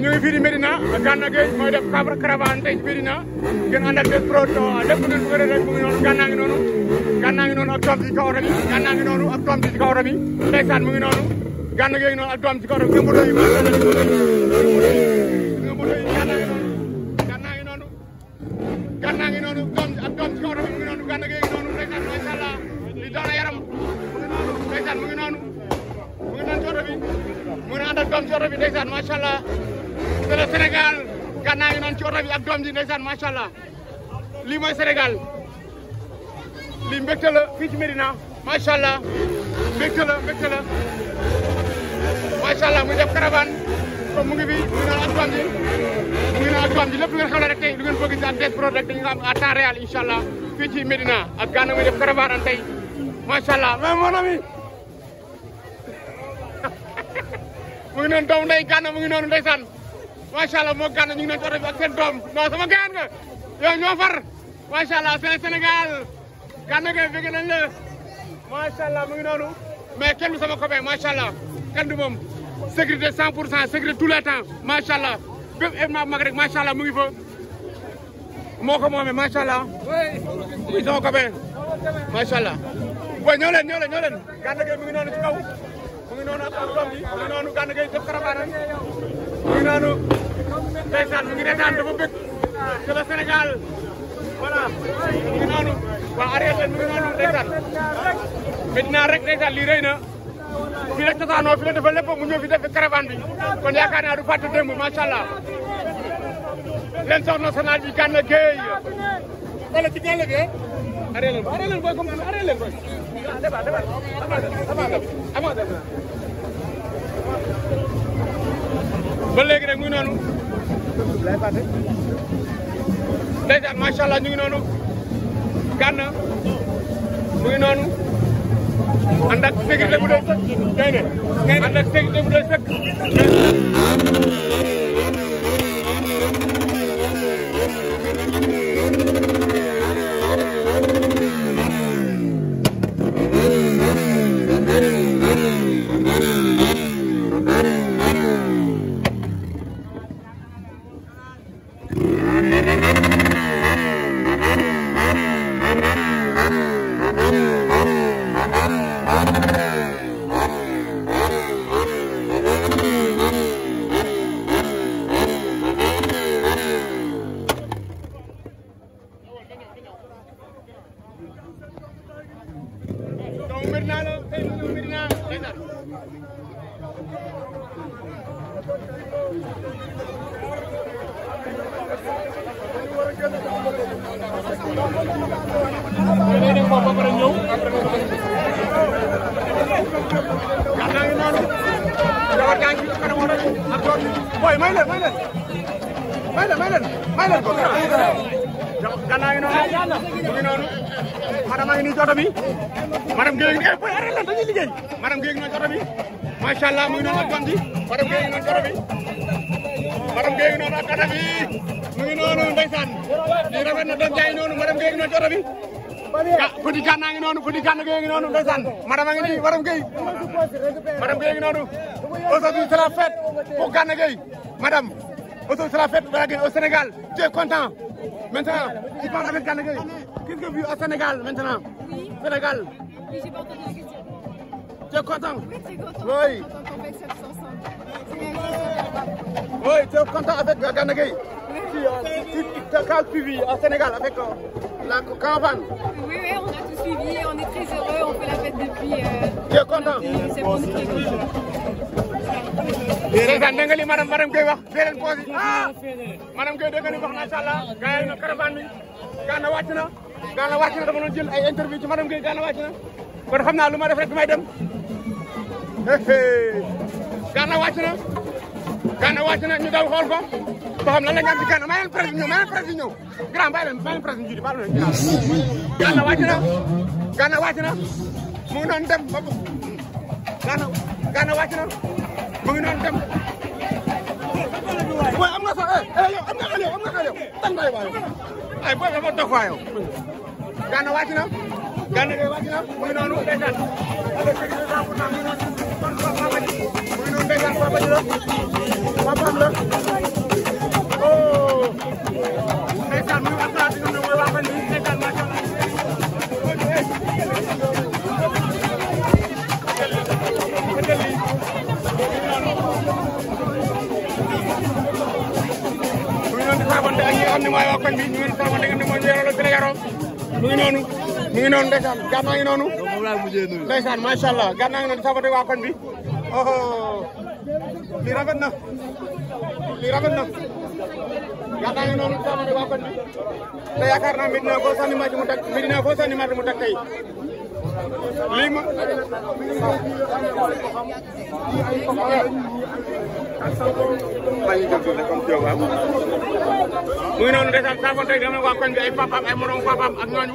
ñu ngi fii di Médina Gana Gueye mooy def Cabra Caravane tey ci Médina ngeen àndal bés pro lépp ngeen bëgg a def rek mu ngi noonu Gana ngi noonu Gana ngi noonu ak doom ci kaw oto bi Gana ngi noonu ak doom ci kaw oto bi ndeysaan mu ngi noonu Gana Gueye noonu ak doom ci kaw oto bi nga moto yi ma nga moto yi Gana ngi noonu Gana ngi noonu doom ak doom ci kaw oto bi mu ngi noonu Gana Gueye ngi noonu ndeysaan macha allah li doon yaram mu ngi noonu ndeysaan mu ngi noonu mu ngi noonu ci oto bi mu ngi ànd ak doom ci oto bi ndeysaan macha allah te le Sénégal gànnaaw yi ci oto ak doom ji ndeysaan macha lii mooy Sénégal lii mbégte la fii ci Médina macha allah mbégte la mbégte la mu ngi fi mu ngi naan ak doom ji mu ngi naan ak doom ji bëgg ci ak des produits rek dañu ko ak gànnaaw muy def caravane an tey macha allah mu ngi noonu doomu ndey gànnaaw mu ngi noonu ndeysaan macha allah moo gànn ñu ngi leen di ak seen doom non sama gaan nga yow ñoo far macha allah seen Sénégal gànn nga bëgg nañ la noonu. mais kenn du sama copain macha allah kenn du moom sécurité 100 pour cent sécurité tout le temps macha allah bépp mag rek macha allah mu ngi fa moo ko moomee macha allah sama copain macha allah. waaw ñoo leen ñoo leen ñoo noonu ci kaw mu ngi noonu ak doom bi mu ngi noonu gànn nga def caravane mu ngi noonu ndeysaan mu ngi retaan dafa bëgg que le Sénégal voilà mu ngi noonu waa arrière leen mu ngi noonu ndeysaan Medina rek ndeysaan lii rëy na fii la cosaanoo fii la dafa lépp mu ñëw fi def caravane bi kon yaakaar naa du fàtte démb macha allah leen sox national bi gànn géey wala ci gànn géey eh. arrière leen arrière leen booy comme arrière leen booy ah, ba léegi rek mu ngi noonu. ndeysaan macha allah ñu ngi noonu. gànn mu ngi noonu. ànd ak sécurité bu doon sëkk. gaynde ànd ak sécurité bu doon sëkk. mbir naa la tey mbir naa la May leen may leen may leen may leen may leen gannaaw yi noonu mu ngi noonu madame a ngi nii ci oto bi madame Guèye ngi koy arrêté leen dañuy liggéey madame Guèye ngi noonu ci oto bi macha allah mu ngi noonu ak doom ji madame Guèye ngi noonu ci oto bi madame Guèye ngi noonu ak oto bi mu ngi noonu ndeysaan lii rafet na doom jaay noonu madame Guèye ngi noonu ci oto bi ah Fouti Gana ngi noonu Fouti Gana Guèye ngi noonu ndeysaan madame a ngi nii madame Guèye madame Guèye ngi noonu aujourd'hui c'est la fête pour Gana Guèye madame Aujourd'hui, c'est la fête de la Sénégal. Tu es content. Maintenant, tu parles avec Ganagay. Qu'est-ce que tu Sénégal maintenant Sénégal. Oui, j'ai pas entendu la Tu es content Oui, tu es content. tu es content avec Ganagay. Sénégal avec la caravane. a tout tu es content ndeysaan dégg nga li madame madame Gueye wax fee leen poosi ah! ah madame Gueye dégg nga li wax gaana wàcc na gaana wàcc ay interview ci madame Gueye gaana wàcc na xam naa lu ma def rek bi may dem gaana wàcc na gaana wàcc na ñu daw xool ko ba xam lan la ñu gaana maa leen presse ñëw maa leen presse ñëw grand bàyyi leen maa leen presse ñu jiitu baal leen gaana wàcc na gaana wàcc na mu dem ba gaana gaana wàcc mu ngi noonu dem. waaye am nga sax eh, eh yow am nga xel yow am nga xel yow tànn waay waay ay booy dafa dox waay yow. Gana wàcc na Gana Gueye wàcc na mu ngi noonu ndeysaan. mu ngi noonu ndeysaan papa ji la papaam la. koñ bi ñu ngi sama ndegam ne mooy njëriñoo la fi la yaroo mu ngi noonu mu ngi noonu ndeysaan gànnaa ngi noonu ndeysaan macha allah gànnaa ngi noonu sama waa koñ bi oh lii rafet na lii rafet na gànnaa ngi noonu sama waa koñ bi te yaakaar naa Médina foo sànni match mu teg Médina foo sànni match mu teg tey lii ma maa ngi jël tuuti comme Thio Ba. muy noonu ndeysaan saa ko tey dama waa koñ bi ay papaam ay moromu papaam ak ñooñu.